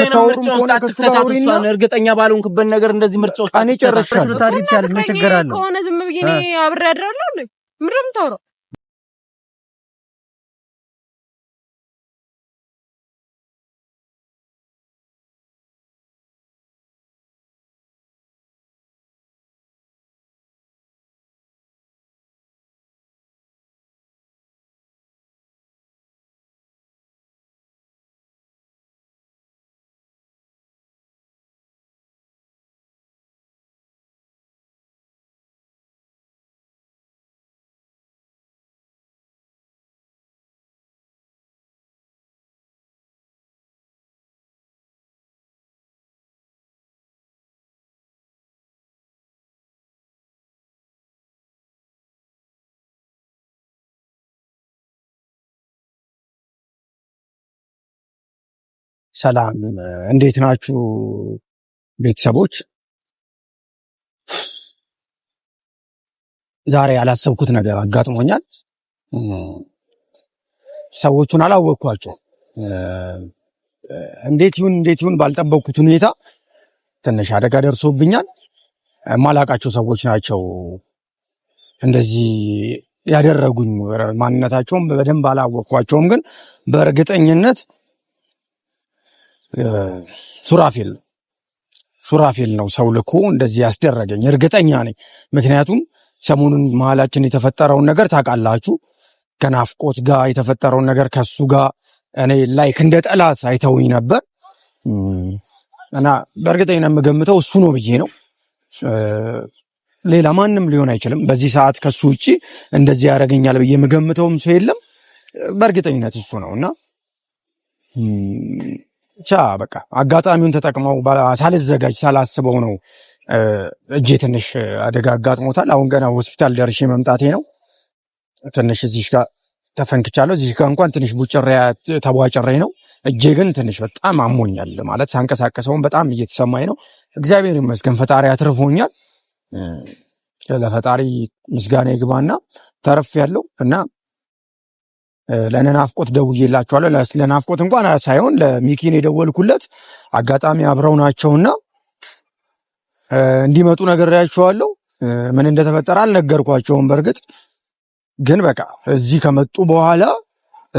የምታወሩም እርግጠኛ ባልሆንክበት ነገር እንደዚህ ምርጫ ውስጥ እኔ ጨርሻለሁ። ምን ከሆነ ዝም ብዬ እኔ አብሬ አድራለሁ። ምንድን ነው የምታወራው? ሰላም እንዴት ናችሁ ቤተሰቦች? ዛሬ ያላሰብኩት ነገር አጋጥሞኛል። ሰዎቹን አላወቅኳቸው። እንዴት ይሁን እንዴት ይሁን ባልጠበቅኩት ሁኔታ ትንሽ አደጋ ደርሶብኛል። የማላውቃቸው ሰዎች ናቸው እንደዚህ ያደረጉኝ። ማንነታቸውም በደንብ አላወቅኳቸውም፣ ግን በእርግጠኝነት ሱራፌል ሱራፌል ነው ሰው ልኮ እንደዚህ ያስደረገኝ እርግጠኛ ነኝ። ምክንያቱም ሰሞኑን መሀላችን የተፈጠረውን ነገር ታውቃላችሁ። ከናፍቆት ጋር የተፈጠረውን ነገር ከሱ ጋር እኔ ላይክ እንደ ጠላት አይተውኝ ነበር እና በእርግጠኝነት የምገምተው እሱ ነው ብዬ ነው። ሌላ ማንም ሊሆን አይችልም። በዚህ ሰዓት ከሱ ውጭ እንደዚህ ያደርገኛል ብዬ የምገምተውም ሰው የለም። በእርግጠኝነት እሱ ነው እና ብቻ በቃ አጋጣሚውን ተጠቅመው ሳልዘጋጅ ሳላስበው ነው እጄ ትንሽ አደጋ አጋጥሞታል። አሁን ገና ሆስፒታል ደርሼ መምጣቴ ነው። ትንሽ እዚሽ ጋር ተፈንክቻለሁ። እዚሽ ጋር እንኳን ትንሽ ቡጭሬ ተቧጭሬ ነው። እጄ ግን ትንሽ በጣም አሞኛል ማለት ሳንቀሳቀሰውን በጣም እየተሰማኝ ነው። እግዚአብሔር ይመስገን ፈጣሪ አትርፎኛል። ለፈጣሪ ምስጋና ይግባና ተረፍ ያለው እና ለነናፍቆት ደውዬላቸዋለሁ። ለናፍቆት እንኳን ሳይሆን ለሚኪን የደወልኩለት አጋጣሚ አብረው ናቸውና እንዲመጡ ነግሬያቸዋለሁ። ምን እንደተፈጠረ አልነገርኳቸውም። በእርግጥ ግን በቃ እዚህ ከመጡ በኋላ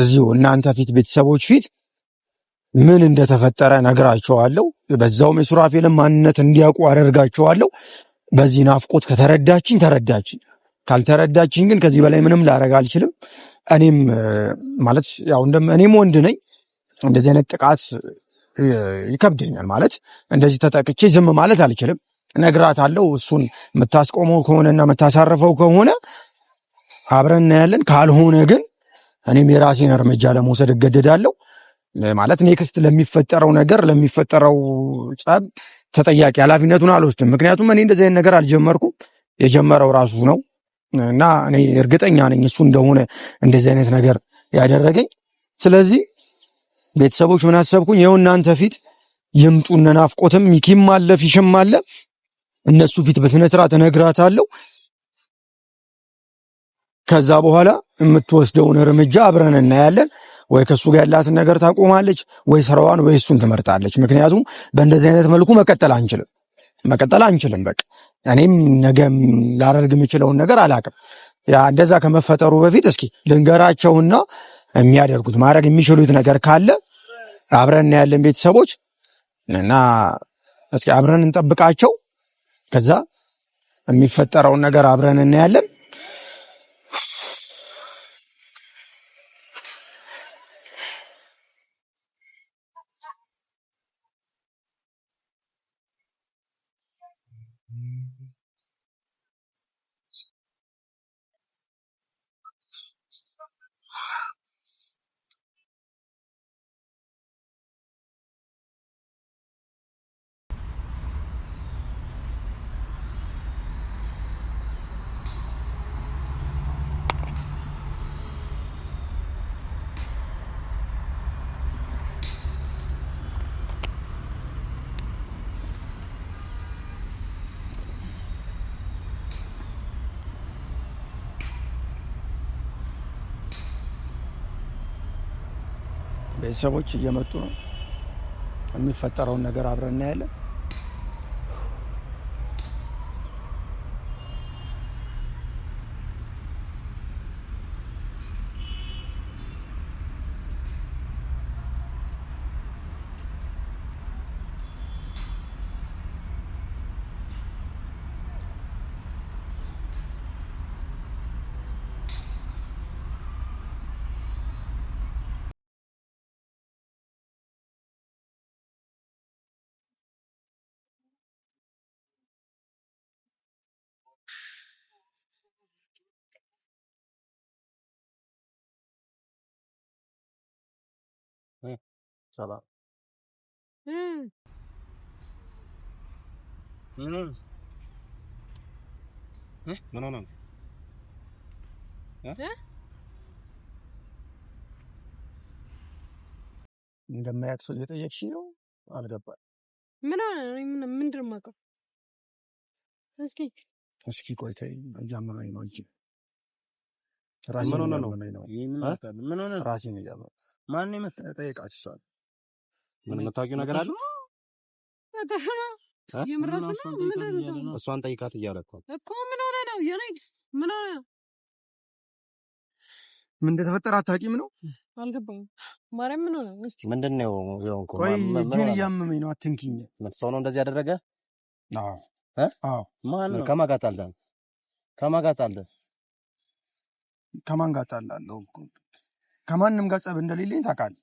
እዚሁ እናንተ ፊት ቤተሰቦች ፊት ምን እንደተፈጠረ ነግራቸዋለሁ። በዛውም የሱራፌልን ማንነት እንዲያውቁ አደርጋቸዋለሁ። በዚህ ናፍቆት ከተረዳችኝ ተረዳችኝ፣ ካልተረዳችኝ ግን ከዚህ በላይ ምንም ላረግ አልችልም። እኔም ማለት ያው እኔም ወንድ ነኝ። እንደዚህ አይነት ጥቃት ይከብደኛል ማለት እንደዚህ ተጠቅቼ ዝም ማለት አልችልም። እነግራታለሁ። እሱን የምታስቆመው ከሆነና የምታሳርፈው ከሆነ አብረን እናያለን። ካልሆነ ግን እኔም የራሴን እርምጃ ለመውሰድ እገደዳለሁ። ማለት ኔክስት ለሚፈጠረው ነገር ለሚፈጠረው ጸብ ተጠያቂ ኃላፊነቱን አልወስድም። ምክንያቱም እኔ እንደዚህ አይነት ነገር አልጀመርኩም። የጀመረው ራሱ ነው። እና እኔ እርግጠኛ ነኝ እሱ እንደሆነ እንደዚህ አይነት ነገር ያደረገኝ። ስለዚህ ቤተሰቦች ምን አሰብኩኝ? ይኸው እናንተ ፊት ይምጡ። እነ ናፍቆትም ሚኪም አለ ፊሽም አለ። እነሱ ፊት በስነ ስርዓት እነግራታለሁ። ከዛ በኋላ የምትወስደውን እርምጃ አብረን እናያለን። ወይ ከሱ ጋር ያላትን ነገር ታቆማለች፣ ወይ ስራዋን፣ ወይ እሱን ትመርጣለች። ምክንያቱም በእንደዚህ አይነት መልኩ መቀጠል አንችልም መቀጠል አንችልም። በቃ እኔም ነገም ላደርግ የምችለውን ነገር አላቅም። እንደዛ ከመፈጠሩ በፊት እስኪ ልንገራቸውና የሚያደርጉት ማድረግ የሚችሉት ነገር ካለ አብረን ያለን ቤተሰቦች እና እስኪ አብረን እንጠብቃቸው። ከዛ የሚፈጠረውን ነገር አብረን እናያለን። ቤተሰቦች እየመጡ ነው። የሚፈጠረውን ነገር አብረን እናያለን። చాలా హ్మ్. హ్మ్. ఏ? మనోనండి እንደማያውቅ ሰው እየጠየቅሽኝ ነው። አልገባል። ምን ሆነ? ምንድን ነው የማውቀው? እስኪ እስኪ ቆይታ እያመመኝ ነው እንጂ ምን ሆነ ነው? ምን ሆነ ራሴን እያመመኝ ማን የመጣ ምን የምታውቂው ነገር አለ? እሷን ጠይቃት እያለ እኮ ምን ሆነ ነው የኔ ምን ሆነ ምን እንደተፈጠረ አታውቂም ነው? አልገባኝም። ማርያም ምን ሆነ? እስቲ ምንድን ነው የሆንኩት? ቆይ እጄን እያመመኝ ነው። አትንኪኝ። ምን ሰው ነው እንደዚህ ያደረገ? አዎ እ አዎ ማን ነው? ከማን ጋር ታላለህ? ከማን ጋር ታላለህ? ከማን ጋር ታላለህ? ከማንም ጋር ጸብ እንደሌለኝ ታውቃለህ።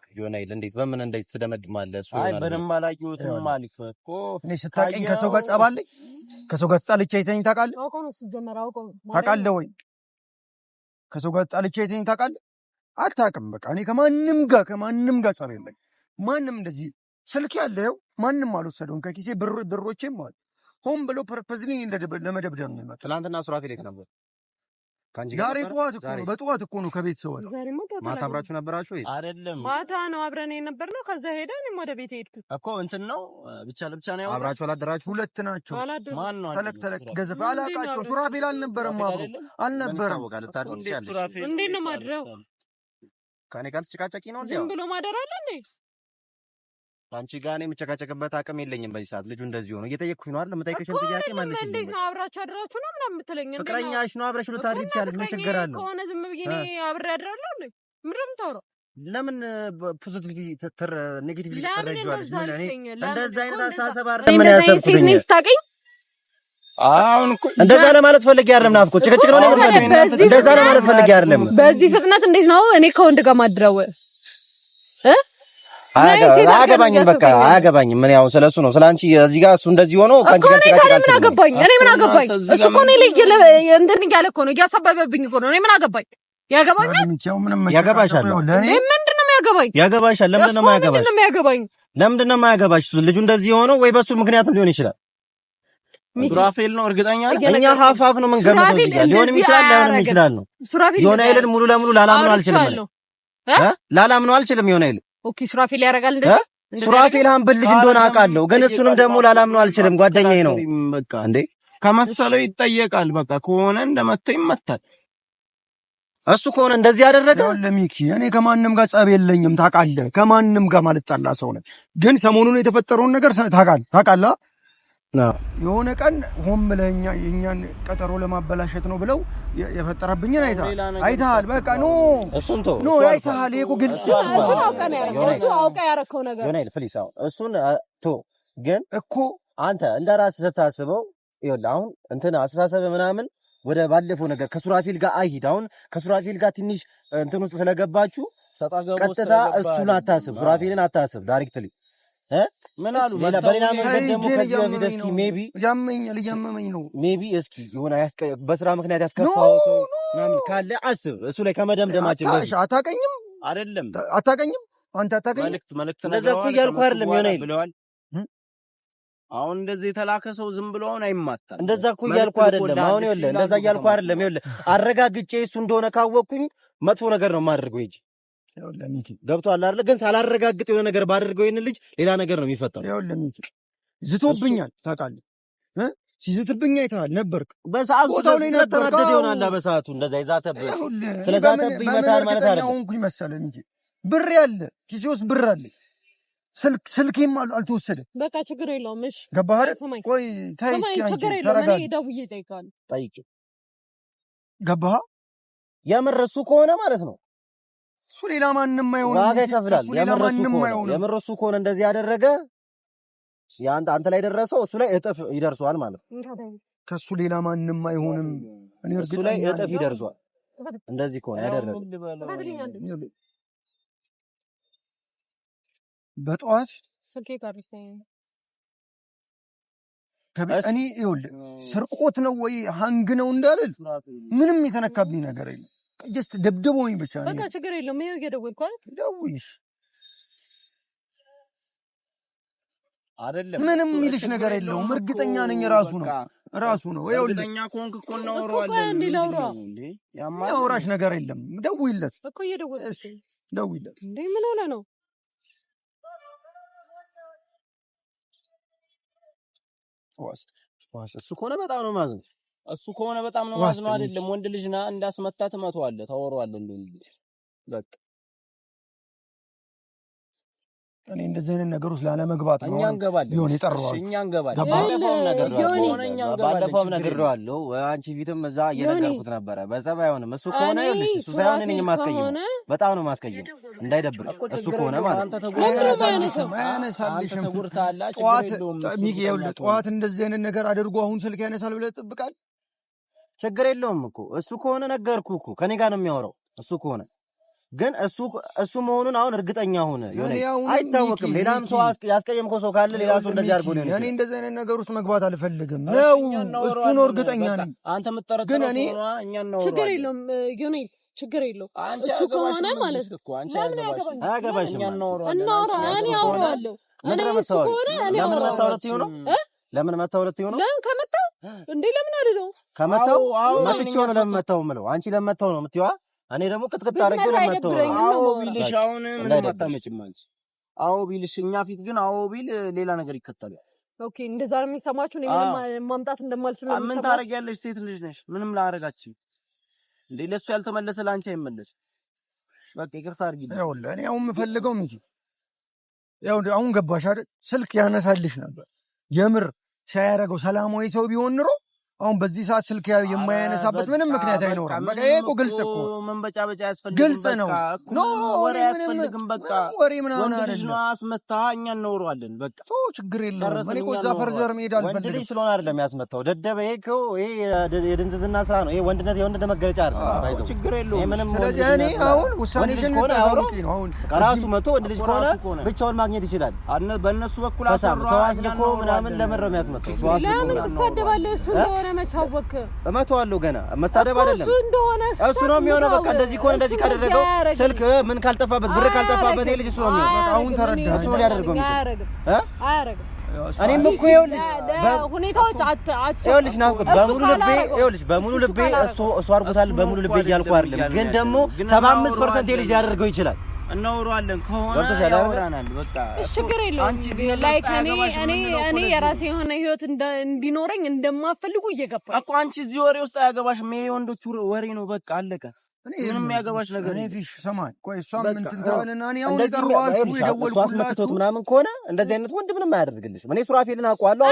ዮናይል እንዴት በምን እንዴት ትደመድማለህ? እሱ አይ በደንብ አላየሁትም። ማሊክ እኮ እኔ ስታውቂኝ ከሰው ጋር ፀብ ከሰው ጋር ተጣልቼ አይተኸኝ ታውቃለህ? ታውቃለህ ወይ? ከሰው ጋር ተጣልቼ አይተኸኝ ታውቃለህ? አታውቅም። በቃ እኔ ከማንም ጋር ከማንም ጋር ፀብ የለኝ። ማንም እንደዚህ ስልክ ያለው ማንም አልወሰደውም ከኪሴ ብሮቼም አሉ። ሆን ብሎ ፐርፐዝሊ ለመደብደብ ነው። ትናንትና ሱራፌል የት ነበር? ዛሬ ጠዋት እኮ ነው በጠዋት እኮ ነው ከቤት ሰው ማታ አብራችሁ ነበራችሁ ወይስ አይደለም? ማታ ነው አብረን የነበር ነው። ከዛ ሄደ እኔም ወደ ቤት ሄድኩ እኮ እንትን ነው ብቻ ለብቻ ነው። አብራችሁ አላደራችሁ? ሁለት ናቸው። ተለቅ ተለቅ ገዘፈ አላቃቸው። ሱራፌል አልነበረም አብሮ አልነበረም። እንዴት ነው ማድረው? ከኔ ጋር ትጨቃጨቂ ነው። ዝም ብሎ ማደር አለ እንዴ? አንቺ ጋር እኔ የምጨቃጨቅበት አቅም የለኝም። በዚህ ሰዓት ልጁ እንደዚህ ሆኖ እየጠየቅኩሽ ነው አይደል? የምጠይቅሽን ጥያቄ መልሽ። እንዴት ነው አብራችሁ አድራችሁ ነው ምናምን የምትለኝ? ፍቅረኛሽ ነው አብረሽ ልታድሪ ትችያለሽ። ምን ችግር አለው? ከሆነ ዝም ብዬ እኔ አብሬ አድራለሁ። ምንድን ነው የምታወራው? ለምን ፖዚቲቭ ኔጌቲቭ ትረጂዋለሽ? ምን እኔ እንደዛ አይነት አሳሰብ አስተሳሰብ ምን ያሰብኩኝ አሁን እንደዛ ለማለት ፈልጌ አይደለም። ናፍቆ ጭቅጭቅ ነው ነው እንደዛ ለማለት ፈልጌ አይደለም። በዚህ ፍጥነት እንዴት ነው እኔ ከወንድ ጋር ማድረው እ አያገባኝም፣ በቃ አያገባኝም። ምን ያው ስለሱ ነው ስላንቺ እዚህ ጋር እሱ እንደዚህ ሆኖ ካንቺ ጋር ምን አገባኝ? እኔ ምን አገባኝ? እሱ እኮ ነው እንትን እያለ እኮ ነው እያሳበበብኝ እኮ ነው። እኔ ምን አገባኝ? ያገባኛል፣ ያገባሻል። ምንድን ነው የሚያገባኝ? ያገባሻል። ለምንድን ነው የማያገባኝ? ለምንድን ነው የማያገባሽ? ልጁ እንደዚህ ሆኖ ወይ በሱ ምክንያት ሊሆን ይችላል። ሱራፌል ነው እርግጠኛ ነኝ። እኛ ሀፋፍ ነው የምንገምተው ሊሆንም ይችላል፣ ላይሆንም ይችላል ነው። ዮናይልን ሙሉ ለሙሉ ላላምነው አልችልም፣ ላላምነው አልችልም ዮናይልን ኦኬ ሱራፌል ያደርጋል እንደዚህ። ሱራፌል አንበል ልጅ እንደሆነ አውቃለሁ፣ ግን እሱንም ደግሞ ላላምነው አልችልም። ጓደኛዬ ነው በቃ እንዴ ከመሰለው ይጠየቃል። በቃ ከሆነ እንደመታ ይመታል። እሱ ከሆነ እንደዚህ ያደረገ ለሚኪ እኔ ከማንም ጋር ጸብ የለኝም ታውቃለህ። ከማንም ጋር ማልጣላ ሰው ነኝ፣ ግን ሰሞኑን የተፈጠረውን ነገር ታውቃለህ ታውቃለህ የሆነ ቀን ሆም ለኛ የኛን ቀጠሮ ለማበላሸት ነው ብለው የፈጠረብኝን አይተሃል አይተሃል። በቃ ኖ ኖ አይተሃል። ይሄ እኮ ግልጽ እሱን አውቀህ እሱ አውቀህ ያደረገው ነገር ዮናይል ፕሊስ፣ እሱን ተው። ግን እኮ አንተ እንደ ራስ ስታስበው ይኸውልህ፣ አሁን እንትን አስተሳሰብ ምናምን ወደ ባለፈው ነገር ከሱራፊል ጋር አይሂድ። አሁን ከሱራፊል ጋር ትንሽ እንትን ውስጥ ስለገባችሁ ቀጥታ እሱን አታስብ፣ ሱራፊልን አታስብ ዳይሬክትሊ በስራ ምክንያት ያስከፋው ሰው ካለ አስብ። እሱ ላይ ከመደምደማችን አታቀኝም፣ አይደለም አታቀኝም፣ አንተ አታቀኝም። እንደዛ እኮ አይደለም የሆነ ብለዋል። አሁን እንደዚህ የተላከ ሰው ዝም ብሎ አሁን እንደዛ እኮ አይደለም። አሁን ይኸውልህ፣ እንደዛ አይደለም። ይኸውልህ አረጋግጬ እሱ እንደሆነ ካወቅኩኝ መጥፎ ነገር ነው የማደርገው ሂጅ ገብቶሃል አይደለ? ግን ሳላረጋግጥ የሆነ ነገር ባደርገው ይህን ልጅ ሌላ ነገር ነው የሚፈጠረው። ዝቶብኛል ታውቃለህ እ ሲዝትብኝ አይተሃል ነበርክ። በሰዓቱ ስለተናደደ ይሆናል። በሰዓቱ እንደዛ ይዛተብህ ስለዛተብህ ይመታል ማለት አይደለም። ሆንኩኝ መሰለህ እንጂ ብር ያለ ኪሲዮስ ብር አለ፣ ስልክ ስልኬም አልተወሰደ። በቃ ችግር የለውም። እሺ ገባህ አይደል? ቆይ ተይ እስኪ ችግር የለውም። እኔ ደውዬ ጠይቃለሁ። ጠይቄ ገባህ። የምር እሱ ከሆነ ማለት ነው እሱ ሌላ ማንም አይሆንም፣ ዋጋ ይከፍላል። የምር እሱ ከሆነ እንደዚህ ያደረገ አንተ ላይ ደረሰው እሱ ላይ እጥፍ ይደርሰዋል ማለት ነው። ከሱ ሌላ ማንም አይሆንም። እኔ እርግጥ ላይ እጥፍ ይደርሷል። እንደዚህ ከሆነ ያደረገ በጠዋት እኔ ይኸውልህ ስርቆት ነው ወይ ሀንግ ነው እንዳልል ምንም የተነካብኝ ነገር የለም። ጀስት ደብድበውኝ ብቻ ነው። በቃ ችግር የለውም። ይሄው እየደወልኩ አይደል ደውይሽ። አይደለም ምንም የሚልሽ ነገር የለውም። እርግጠኛ ነኝ ራሱ ነው ራሱ ነው። እርግጠኛ ከሆንክ እኮ እናወራዋለን። ያወራሽ ነገር የለም። ደውይለት እኮ እየደወልኩ ደውይለት። እንዴ ምን ሆነ ነው እሱ ከሆነ በጣም ነው ማዝነው እሱ ከሆነ በጣም ነው ማዝነው። አይደለም ወንድ ልጅ ና እንዳስመታ ትመተዋለህ፣ ታወራዋለህ። እንደ ወንድ ልጅ በቃ እኔ እንደዚህ አይነት ነገር ውስጥ ላለመግባት ነው። እኛ እንገባለን፣ ይሁን ይጠራዋል። እኛ እንገባለን። ባለፈውም ነግሬዋለሁ፣ አንቺ ፊትም እዛ እየነገርኩት ነበረ። በጸባይ አይሆንም። እሱ ከሆነ ይኸውልሽ፣ እሱ ሳይሆን እኔ የማስቀይም በጣም ነው ማስቀይም፣ እንዳይደብርሽ። እሱ ከሆነ ማለት አንተ ተጎድተሃል። ጠዋት እንደዚህ አይነት ነገር አድርጎ አሁን ስልክ ያነሳል ብለህ ትጠብቃለህ? ችግር የለውም እኮ እሱ ከሆነ ነገርኩ እኮ ከኔ ጋር ነው የሚያወራው። እሱ ከሆነ ግን እሱ እሱ መሆኑን አሁን እርግጠኛ ሆነ አይታወቅም። ሌላም ሰው ያስቀየምከው ሰው ካለ ሌላ ሰው እንደዚህ አድርጎ ነው። እኔ እንደዚህ አይነት ነገር ውስጥ መግባት አልፈልግም ነው እሱ ነው እርግጠኛ ነኝ። አንተ የምትጠረጥረው ግን እኔ እኛ ነው ችግር የለውም ዮኔል ችግር የለው እሱ ከሆነ ማለት ነው። አያገባሽም። እናውራ እኔ አውራዋለሁ እኔ እሱ ከሆነ እኔ አውራዋለሁ ለምን መታው? ሁለት ይሆነው ለምን ከመታው እንዴ? ለምን አይደለው ከመታው መጥቼው ነው። ለምን መታው የምለው አንቺ ለምን መታው ነው የምትይዋ? እኔ ደግሞ ቅጥቅጥ አደረገ ነው መታው። አዎ ቢልሽ አሁን ምን አታመጭም አንቺ። አዎ ቢልሽ እኛ ፊት ግን አዎ ቢል ሌላ ነገር ይከተላል። ኦኬ እንደዛ ነው የሚሰማችሁ። እኔ ምንም ማምጣት እንደማልችል ነው። ምን ታደርጊያለሽ? ሴት ልጅ ነሽ። ምንም ላረጋችኝ እንዴ። ለሱ ያልተመለሰ ለአንቺ አይመለስ። በቃ ይቅርታ አድርጊልኝ። ይኸውልህ እኔ አሁን የምፈልገው ምንድን ያው አሁን ገባሽ አይደል? ስልክ ያነሳልሽ ነበር የምር ሻይ ያደረገው ሰላማዊ ሰው ቢሆን ኑሮ አሁን በዚህ ሰዓት ስልክ የማያነሳበት ምንም ምክንያት አይኖርም። በቃ ይሄ እኮ ግልጽ እኮ መንበጫበጫ ያስፈልግም፣ ግልጽ ነው። ወሬ አያስፈልግም። በቃ ወሬ ምናምን አስመታ እኛ በቃ ቶ ችግር የለም። እኔ እኮ እዛ ፈርዘር መሄድ አልፈልግም። ወንድ ስለሆነ አይደለም ያስመታው ደደበ። ይሄ እኮ ይሄ የድንዝዝና ስራ ነው። ይሄ ወንድነት የወንድነት መገለጫ አይደለም። ችግር የለውም። ስለዚህ እኔ አሁን ውሳኔሽን ነው። አሁን መቶ ወንድ ልጅ ከሆነ ብቻውን ማግኘት ይችላል። በእነሱ በኩል አሰራ ሰው ምናምን ለምን ነው የሚያስመታው? ለምን ትሳደባለህ? እሱ እንደሆነ መቼ አወክ? እመተዋለሁ ገና መሳደብ አይደለም እሱ እንደሆነ እሱ ነው የሚሆነው። በቃ እንደዚህ ከሆነ እንደዚህ ካደረገው ስልክ ምን ካልጠፋበት ብር ካልጠፋበት ይሄ ልጅ እሱ ነው የሚሆነው። አሁን ተረዳ። እሱ ነው ሊያደርገው የሚችል እ እኔም እኮ ይኸውልሽ በሙሉ ልቤ ይኸውልሽ በሙሉ ልቤ እሱ አድርጎታል በሙሉ ልቤ እያልኩ አይደለም፣ ግን ደግሞ ሰባ አምስት ፐርሰንት ልጅ ሊያደርገው ይችላል እናወራለን ከሆነ ያወራናል። በቃ ችግር የለውም። ላይክ እኔ እኔ እኔ የራሴ የሆነ ህይወት እንዲኖረኝ እንደማፈልጉ እየገባኝ እኮ አንቺ እዚህ ወሬ ውስጥ አያገባሽም። ይሄ የወንዶች ወሬ ነው። በቃ አለቀ። ምንም ያገባች ነገር እኔ ፊሽ ሰማኝ። ቆይ እሷም እንትን ተበልና እኔ አሁን የጠራኋችሁ የደወልኩላችሁ ምናምን ከሆነ እንደዚህ አይነት ወንድ ምንም አያደርግልሽ። እኔ ሱራፌልን አውቀዋለሁ፣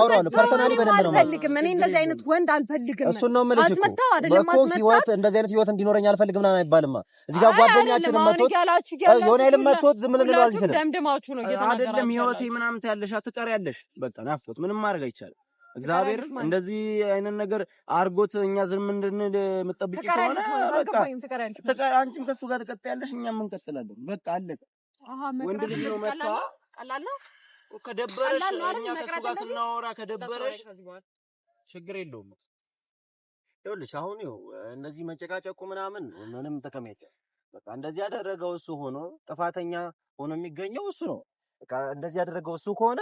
አውራለሁ ፐርሰናሊ በደንብ ነው። አልፈልግም እኔ እንደዚህ አይነት ወንድ አልፈልግም። እሱን ነው የምልሽ እኮ ህይወት እንደዚህ አይነት ህይወት እንዲኖረኝ አልፈልግም ምናምን አይባልማ። እዚህ ጋር ጓደኛችን መቶት የሆነ ይልም መቶት ዝም ልንለው አልችልም። አይደለም ህይወቴ ምናምን ትያለሽ፣ አትቀሪያለሽ። በቃ ናፍቆት ምንም ማድረግ አይቻልም። እግዚአብሔር እንደዚህ አይነት ነገር አርጎት እኛ ዝም እንድንል የምጠብቂ ከሆነ በቃ አንቺም ከሱ ጋር ትቀጥያለሽ፣ እኛም እንቀጥላለን። በቃ አለቀ። ወንድ ልጅ ነው መጣ ቀላል ነው። ከደበረሽ እኛ ከሱ ጋር ስናወራ ከደበረሽ ችግር የለውም። ይኸውልሽ አሁን ይኸው እነዚህ መጨቃጨቁ ምናምን ምንም ጥቅም የለም። በቃ እንደዚህ ያደረገው እሱ ሆኖ ጥፋተኛ ሆኖ የሚገኘው እሱ ነው። በቃ እንደዚህ ያደረገው እሱ ከሆነ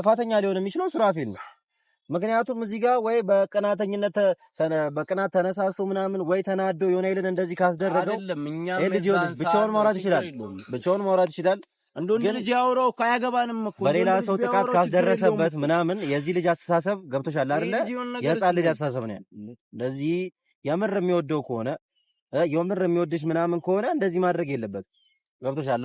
ጥፋተኛ ሊሆን የሚችለው ሱራፌል ነው። ምክንያቱም እዚህ ጋር ወይ በቅናተኝነት በቅናት ተነሳስቶ ምናምን ወይ ተናዶ የሆነ ይልን እንደዚህ ካስደረገው ልጅ ብቻውን ማውራት ይችላል፣ ብቻውን ማውራት ይችላል። እንደውም ልጅ ያውራው እኮ አያገባንም እኮ በሌላ ሰው ጥቃት ካስደረሰበት ምናምን የዚህ ልጅ አስተሳሰብ ገብቶሻል አይደለ? የህፃን ልጅ አስተሳሰብ ነው። ለዚህ የምር የሚወደው ከሆነ የምር የሚወድሽ ምናምን ከሆነ እንደዚህ ማድረግ የለበት ገብቶሻል።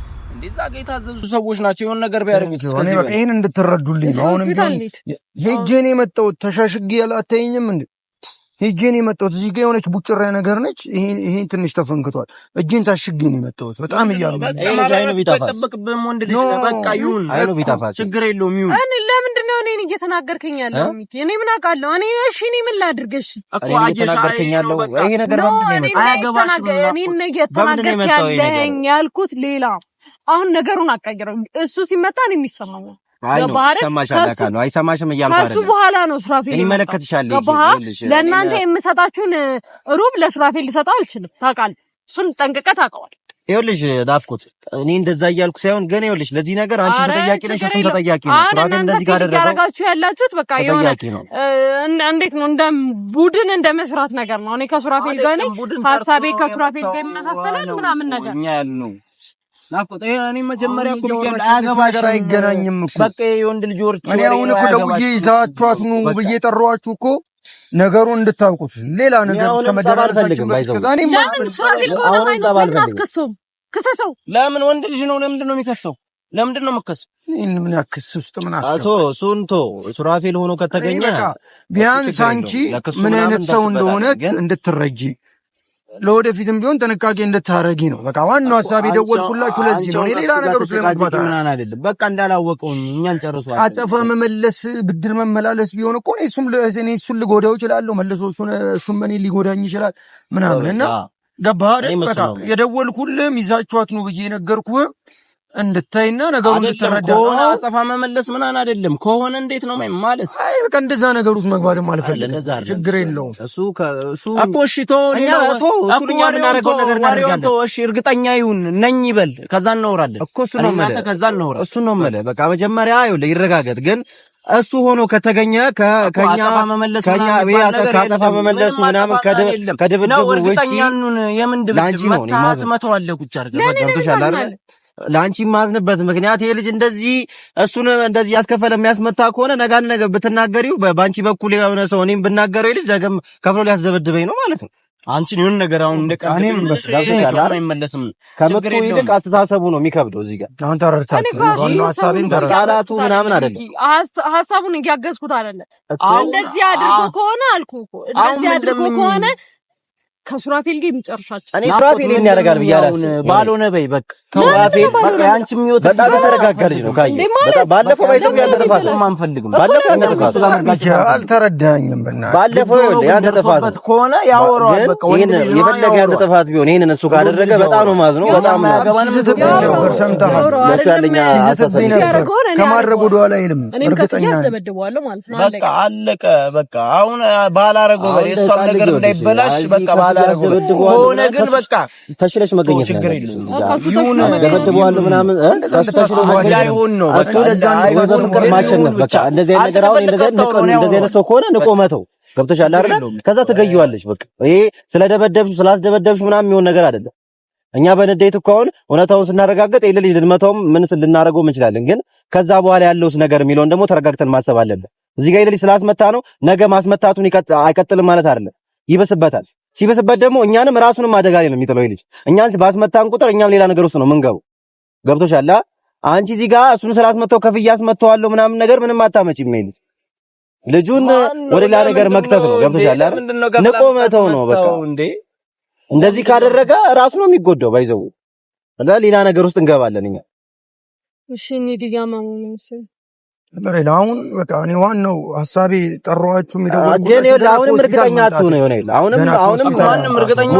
እዛ ጋ የታዘዙ ሰዎች ናቸው። የሆነ ነገር ቢያደርጉት በቃ ይሄን እንድትረዱልኝ ነው። አሁንም ቢሆን ሄጄን የመጣሁት ተሻሽጌ ያለ አታየኝም እንዴ? ሄጄን የመጣሁት እዚህ ጋር የሆነች ቡጭራ ነገር ነች። ይሄን ይሄን ትንሽ ተፈንክቷል። እጄን ታሽጌ ነው የመጣሁት። በጣም እያሉ አይጠበቅብህም። ወንድ ልጅ በቃ ይሁን፣ ችግር የለውም ይሁን። ለምንድን ነው እኔን እየተናገርከኝ ያለው? እኔ ምን አውቃለሁ? እኔ እሺ፣ እኔ ምን ላድርገሽ? እየተናገርከኝ ያለው ይሄ ነገር ምንድን ነው? እኔን እየተናገርከኝ ያልኩት ሌላ አሁን ነገሩን አቃይረው እሱ ሲመጣ ነው የሚሰማው። አይሰማሽም እያልኩ ከሱ በኋላ ነው ሱራፌል ይመለከትሻል። ለእናንተ የምሰጣችሁን ሩብ ለሱራፌል ልሰጠው አልችልም። ታውቃለህ፣ እሱን ጠንቅቀህ ታውቀዋለህ። ይኸውልሽ ናፍቆት፣ እኔ እንደዛ እያልኩ ሳይሆን ግን ይኸውልሽ፣ ለዚህ ነገር አንቺ ተጠያቂ ነሽ፣ እሱም ተጠያቂ ነው። ሱራፌል እንደዚህ ጋር ያደረጋችሁ ያላችሁት በቃ የሆነ እንዴት ነው እንደ ቡድን እንደ መስራት ነገር ነው። እኔ ከሱራፌል ጋር ነኝ፣ ሀሳቤ ከሱራፌል ጋር ይመሳሰላል ምናምን ነገር እኛ ያልነው ናፍቆት እኔ መጀመሪያ እኮ ነገር አይገናኝም እኮ በቃ የወንድ ልጅ እኔ አሁን እኮ ደውዬ ይዛችኋት ነው ብዬ ጠሯችሁ እኮ ነገሩን እንድታውቁት ሌላ ነገር ከመደራር ለምን ወንድ ልጅ ነው? ለምንድን ነው የሚከሰው? ለምንድን ነው የምከሰው? ምን ያክስ ውስጥ ምን አቶ እሱን ሱራፌል ሆኖ ከተገኘ ቢያንስ አንቺ ምን አይነት ሰው እንደሆነ እንድትረጂ ለወደፊትም ቢሆን ጥንቃቄ እንድታረጊ ነው። በቃ ዋናው ሀሳብ የደወልኩላችሁ ለዚህ ነው። ሌላ ነገር ስለመግባት አይደለም። በቃ እንዳላወቀው እኛን ጨርሶ አጸፈ መመለስ ብድር መመላለስ ቢሆን እኮ እሱም እኔ እሱን ልጎዳው ይችላለሁ፣ መልሶ እሱም እኔን ሊጎዳኝ ይችላል ምናምን እና ገባህ አይደል? በቃ የደወልኩልህም ይዛችኋት ነው ብዬ የነገርኩህም እንድታይና ነገሩ እንድትረዳ ከሆነ አጸፋ መመለስ ምናን አይደለም። ከሆነ እንዴት ነው ማለት? አይ በቃ እንደዛ ነገር ውስጥ መግባትም አልፈልግም። ችግር የለውም። እሱ ከእሱ እኮ እሺ፣ ተው እሺ፣ እርግጠኛ ይሁን ነኝ ይበል። ከዛ እናወራለን እኮ እሱ ነው ማለት ከዛ እናወራለን እሱ ነው ማለት በቃ መጀመሪያ አይው ይረጋገጥ ግን እሱ ሆኖ ከተገኘ ከኛ ቤት ከአጸፋ መመለሱ ምናምን ከድብድቡ ውጪ ለአንቺ ነው አለ ጉቻ ርገ ገብቶሻል አይደል ለአንቺ ማዝንበት ምክንያት ይሄ ልጅ እንደዚህ እሱን እንደዚህ ያስከፈለ የሚያስመታ ከሆነ ነጋን ነገ ብትናገሪው በአንቺ በኩል የሆነ ሰው እኔም ብናገረው ልጅ ነገም ከፍሎ ሊያስዘበድበኝ ነው ማለት ነው። አንቺን ይሁን ነገር አሁን እንደ ቀኔም አይመለስም። ከመቶ ይልቅ አስተሳሰቡ ነው የሚከብደው። እዚህ ጋር አሁን ተረድታችሁ ሀሳቤን ቃላቱ ምናምን አይደለም፣ ሀሳቡን እያገዝኩት አይደለም። እንደዚህ አድርጎ ከሆነ አልኩ እኮ እንደዚህ አድርጎ ከሆነ ከሱራፌል ጋር የመጨረሻቸው እኔ ሱራፌል ይሄን ያደርጋል ብዬሽ አላስብም። ባልሆነ በይ በቃ ሱራፌል በቃ ያንቺ የሚወጣ በጣም የተረጋጋ ልጅ ነው። ካየ በጣም ባለፈው ባይዘው ያንተ ጥፋት ነው። አንፈልግም ባለፈው ያንተ ጥፋት አልተረዳኸኝም። በእናትህ ባለፈው ያንተ ጥፋት ከሆነ ያወራው በቃ ወይ ነው የፈለገ ያንተ ጥፋት ቢሆን ይሄን እነሱ ካደረገ በጣም ነው ማዝ ነው። በጣም ነው ሲስትብኝ ነበር። ሰምተሃል? ለእሱ ያለኝ አስተሳሰብ ከማድረግ ወደኋላ አይልም። እርግጠኛ ነኝ። በቃ አለቀ። በቃ አሁን ባላረገው በእሷም ነገር እንዳይበላሽ በቃ ባላ ከሆነ ግን በቃ ተሽለሽ መገኘት ምናምን ነው መተው ገብቶሻል አይደል? ከዛ ትገዩዋለሽ። በቃ ይሄ ስለደበደብሽ ስላስደበደብሽ ምናምን የሚሆን ነገር አይደለም። እኛ በንዴት እኮ አሁን እውነታውን ስናረጋገጥ የሌለ ልንመታውም ምን ልናደርገውም እንችላለን። ግን ከዛ በኋላ ያለውስ ነገር የሚለውን ደግሞ ተረጋግተን ማሰብ አለብን። እዚህ ጋር የሌለ ስላስመታ ነው ነገ ማስመታቱን አይቀጥልም ማለት አይደለም። ይበስበታል ሲበስበት ደግሞ እኛንም ራሱንም አደጋ ላይ ነው የሚጥለው ልጅ። እኛን ባስመታን ቁጥር እኛም ሌላ ነገር ውስጥ ነው የምንገባው። ገብቶሻል። አንቺ እዚህ ጋር እሱን ስላስመታው ከፍያ አስመታዋለሁ ምናምን ነገር ምንም አታመጪም። ይሄ ልጅ ልጁን ወደ ሌላ ነገር መክተት ነው። ገብቶሻል። ንቆ መተው ነው በቃ። እንደዚህ ካደረገ ራሱ ነው የሚጎዳው። ባይዘው ሌላ ነገር ውስጥ እንገባለን እኛ። እሺ እንሂድ ነው መሰለኝ ነበር አሁን በቃ እኔ ዋናው ሀሳቤ ጠሯችሁ የሚደውል ግን አሁንም እርግጠኛ አትሁን ነው ይሆናል። አሁንም አሁንም እርግጠኛ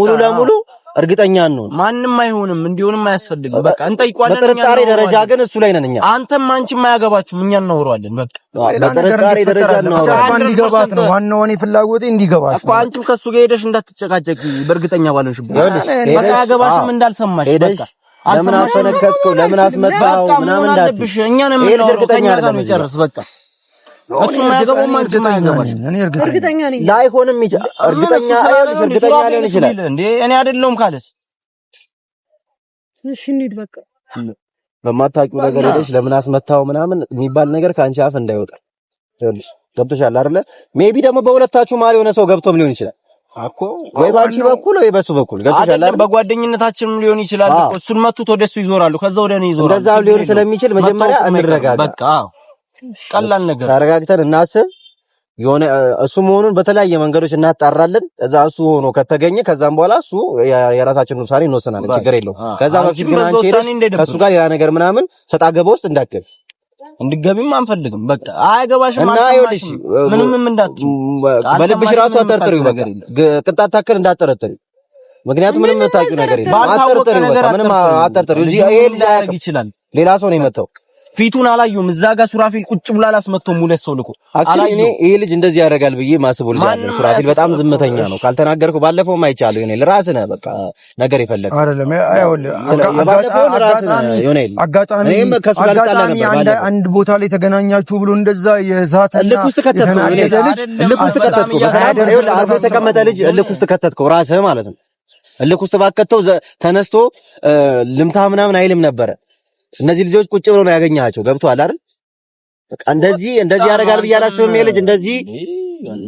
ሙሉ ለሙሉ እርግጠኛ ነው ማንም አይሆንም፣ እንዲሆንም አያስፈልግም። በቃ እንጠይቋለን። በጥርጣሬ ደረጃ ግን እሱ ላይ ነን እኛ። አንተም አንቺም አያገባችሁም፣ እኛ እናወራዋለን። በቃ በጥርጣሬ ደረጃ እናወራዋለን። እንዲገባት ነው ዋናው እኔ ፍላጎቴ እንዲገባት እኮ። አንቺም ከሱ ጋር ሄደሽ እንዳትጨቃጨቂ በእርግጠኛ ባለሽበት በቃ አያገባሽም እንዳልሰማሽ በቃ ለምን አሰነከትከው? ለምን አስመታው? ምናምን እንዳትሽ እኛ ነው የምንጨርስ። በቃ እሱ ማያገባው ማንችም አይገባሽ። እርግጠኛ ነኝ ላይሆንም ይችላል። እርግጠኛ አይልሽ እርግጠኛ ሊሆን ይችላል። እንዴ እኔ አይደለሁም ካለስ እሺ እንሂድ በቃ። በማታውቂው ነገር ሄደሽ ለምን አስመታው ምናምን የሚባል ነገር ከአንቺ አፍ እንዳይወጣ ይኸውልሽ። ገብቶሻል አይደለ? ሜቢ ደግሞ በሁለታችሁ መሀል የሆነ ሰው ገብቶም ሊሆን ይችላል ወይ ባንቺ በኩል ወይ በሱ በኩል ገብቶሻል። በጓደኝነታችንም ሊሆን ይችላል። እሱን መቱት፣ ወደሱ ይዞራሉ፣ ከዛ ወደ እኔ ይዞራሉ። እንደዛ ሊሆን ስለሚችል መጀመሪያ እንረጋጋ። በቃ ቀላል ነገር ተረጋግተን እናስብ። የሆነ እሱ መሆኑን በተለያየ መንገዶች እናጣራለን። ከዛ እሱ ሆኖ ከተገኘ ከዛም በኋላ እሱ የራሳችንን ውሳኔ እንወስናለን። ችግር የለውም። ከዛ በፊት ግን አንቺ ከሱ ጋር ሌላ ነገር ምናምን ሰጣ ገባ ውስጥ እንዳትገቢ እንድገቢም አንፈልግም። በቃ አያገባሽም። እና ይኸውልሽ ምንም እንዳትዪ በልብሽ ራሱ አጠርጥሪው ነገር የለም ቅጣት ታክል እንዳጠረጥሪው ምክንያቱም ምንም ታውቂው ነገር የለም። አጠርጥሪው በቃ ምንም አጠርጥሪው። እዚህ ይሄ ሊያቅ ይችላል። ሌላ ሰው ነው የመጣው ፊቱን አላየሁም። እዛ ጋር ሱራፊል ቁጭ ብሎ አላስመቶም። ሁለት ሰው ልኮ አክቹሊ እኔ ይሄ ልጅ እንደዚህ ያደርጋል ብዬ ማስቦል ዛሬ ሱራፊል በጣም ዝምተኛ ነው። ካልተናገርኩ ባለፈው ማይቻለሁ ይሆናል። ለራስ ነህ በቃ ነገር የፈለግህ አይደለም። አይወል አጋጣሚ ራስ አጋጣሚ አንድ ቦታ ላይ ተገናኛችሁ ብሎ እንደዛ የዛተና ልክ ውስጥ ከተትከው ልክ ውስጥ ከተትከው በቃ የተቀመጠ ልጅ ልክ ውስጥ ከተትከው ራስህ ማለት ነው። ልክ ውስጥ ባከተው ተነስቶ ልምታ ምናምን አይልም ነበረ እነዚህ ልጆች ቁጭ ብለው ነው ያገኘሃቸው። ገብቶሃል አይደል? በቃ እንደዚህ እንደዚህ ያደርጋል ብዬ አላስብም። ልጅ እንደዚህ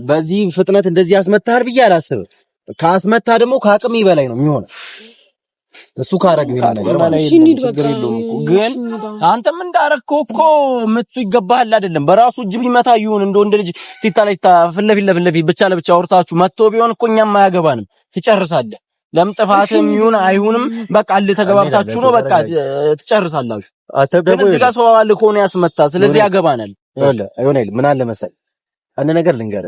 በዚህ ፍጥነት እንደዚህ ያስመታል ብዬ አላስብም። ካስመታ ደግሞ ከአቅም በላይ ነው የሚሆነው። እሱ ካረግ ግን አንተም እንዳረግከው እኮ ምቱ ይገባሃል አይደለም። በራሱ እጅ ቢመታ ይሁን እንደ ወንድ ልጅ ፊት ለፊት ብቻ ለብቻ አውርታችሁ መቶ ቢሆን እኮ እኛም አያገባንም። ትጨርሳለህ ለምን ጥፋትም ይሁን አይሁንም በቃ ልተገባብታችሁ ነው። በቃ ትጨርሳላችሁ። ግን እዚህ ጋር ሰው አለ ከሆነ ያስመታ። ስለዚህ ያገባናል። ይሆናል። ምን አለ መሰል አንድ ነገር ልንገር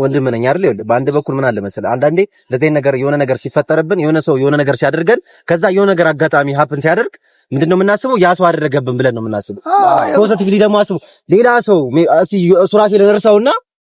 ወንድም ነኝ አይደል? ይኸውልህ በአንድ በኩል ምን አለ መሰለህ አንዳንዴ ለዚህ ነገር የሆነ ነገር ሲፈጠርብን የሆነ ሰው የሆነ ነገር ሲያደርገን ከዛ የሆነ ነገር አጋጣሚ ሀፕን ሲያደርግ ምንድነው የምናስበው? ያ ሰው አደረገብን ብለን ነው የምናስበው። ፖዚቲቭሊ ደግሞ አስቡ። ሌላ ሰው እስቲ ሱራፌል እርሳውና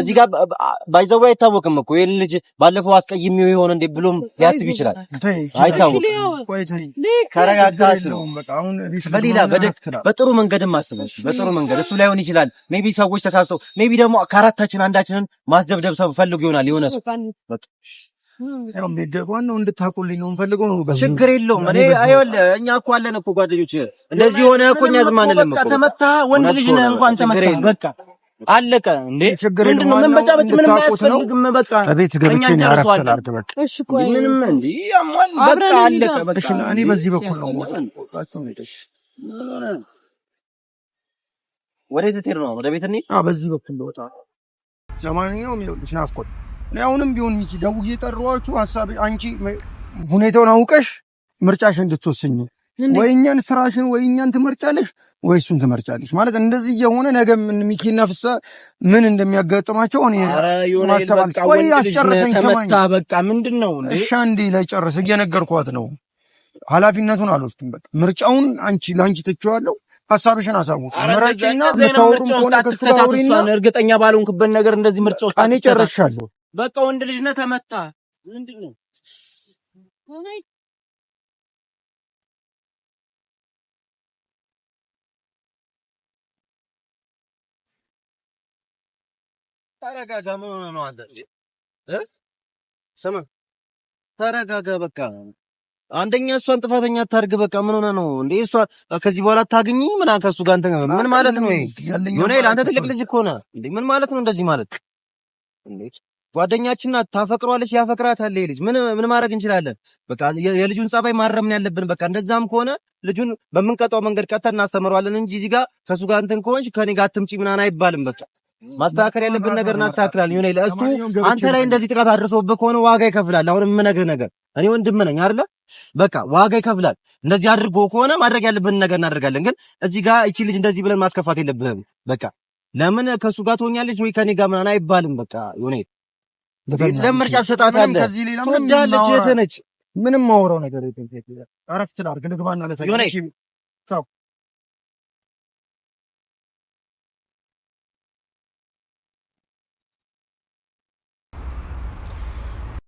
እዚህ ጋር ባይዘው አይታወቅም እኮ ይሄን ልጅ ባለፈው አስቀይሜው ይሆን እንዴ ብሎም ሊያስብ ይችላል። አይታወቅም። በሌላ በጥሩ መንገድም አስብ። በጥሩ መንገድ እሱ ላይሆን ይችላል። ሜቢ ሰዎች ተሳስተው፣ ሜቢ ደግሞ ከአራታችን አንዳችንን ማስደብደብ ሰው ፈልጎ ይሆናል። የሆነ ሰው ዋናው እንድታውቁልኝ ነው የምፈልገው። ችግር የለውም። እኔ አይወል እኛ እኮ አለን እኮ ጓደኞች። እንደዚህ ሆነ እኮ እኛ ዝም አንልም እኮ ተመታ። ወንድ ልጅ ነህ እንኳን ተመታ። በቃ አለቀ እንዴ? ምንድን ነው ምን መንበጫበጭ? ምንም አያስፈልግም። በቃ ቤት ገብቼ ነው ተላርግ። በቃ እሺ፣ ቆይ ምንም እንዴ ያሟል። በቃ አለቀ። በቃ እኔ በዚህ በኩል ነው። ወዴት ትሄድ ነው? ወደ ቤት እንሂድ። አዎ፣ በዚህ በኩል ልወጣ። ለማንኛውም ይኸውልሽ፣ ናፍቆት እኔ አሁንም ቢሆን ሚኪ ደውዬ ጠሯችሁ ሀሳብ አንቺ ሁኔታውን አውቀሽ ምርጫሽ እንድትወስኝ ወይ እኛን ስራሽን ወይ እኛን ትመርጫለሽ ወይ እሱን ትመርጫለሽ። ማለት እንደዚህ እየሆነ ነገ ምን ሚኪና ፍሳ ምን እንደሚያጋጥማቸው እኔ ማሰብ አልቻልኩም። ወይ አስጨርሰኝ፣ ስማኝ በቃ ምንድን ነው እሺ፣ አንዴ ላይ ጨርስ። እየነገርኳት ነው፣ ሀላፊነቱን አልወስድም። በቃ ምርጫውን አንቺ ለአንቺ ትቼዋለሁ። ሀሳብሽን አሳውቅ። ምረጭና ምታወሩም ከሆነ ከሱ ጋር አውሪና እርግጠኛ ባልሆንክበት ነገር እንደዚህ ምርጫ ውስጥ እኔ ጨርሻለሁ። በቃ ወንድ ልጅ ነህ፣ ተመታ ምንድን ነው ተረጋጋ። ምን ሆነህ ነው አንተ? ስማ ተረጋጋ። በቃ አንደኛ እሷን ጥፋተኛ አታድርግ። በቃ ምን ሆነህ ነው እንዴ? እሷ ከዚህ በኋላ አታገኝ ምናምን ከእሱ ጋር እንትን ምን ማለት ነው? ዮናይ አንተ ትልቅ ልጅ እኮ ነህ እንዴ! ምን ማለት ነው እንደዚህ ማለት እንዴ? ጓደኛችን ናት፣ ታፈቅሯለች፣ ያፈቅራታል ልጅ። ምን ምን ማድረግ እንችላለን? በቃ የልጁን ጸባይ ማረምን ያለብን በቃ። እንደዛም ከሆነ ልጁን በምንቀጣው መንገድ ቀጥታ እናስተምረዋለን እንጂ እዚህ ጋር ከእሱ ጋር እንትን ከሆንሽ ከኔ ጋር አትምጪ ምናምን አይባልም በቃ ማስተካከል ያለብን ነገር እናስተካክላለን። ይሁን ይላል እሱ አንተ ላይ እንደዚህ ጥቃት አድርሶብህ ከሆነ ዋጋ ይከፍላል። አሁን የምነግርህ ነገር እኔ ወንድም ነኝ አይደለ? በቃ ዋጋ ይከፍላል። እንደዚህ አድርጎ ከሆነ ማድረግ ያለብን ነገር እናደርጋለን። ግን እዚህ ጋር እቺ ልጅ እንደዚህ ብለን ማስከፋት የለብህም። በቃ ለምን ከእሱ ጋር ትሆኛለች ወይ ከኔ ጋር ምናምን አይባልም። በቃ ይሁን ይል ለምርጫ ትሰጣታለህ። ትወዳለች፣ እህትህ ነች። ምንም ማውራው ነገር አረፍት ላድርግ ልግባና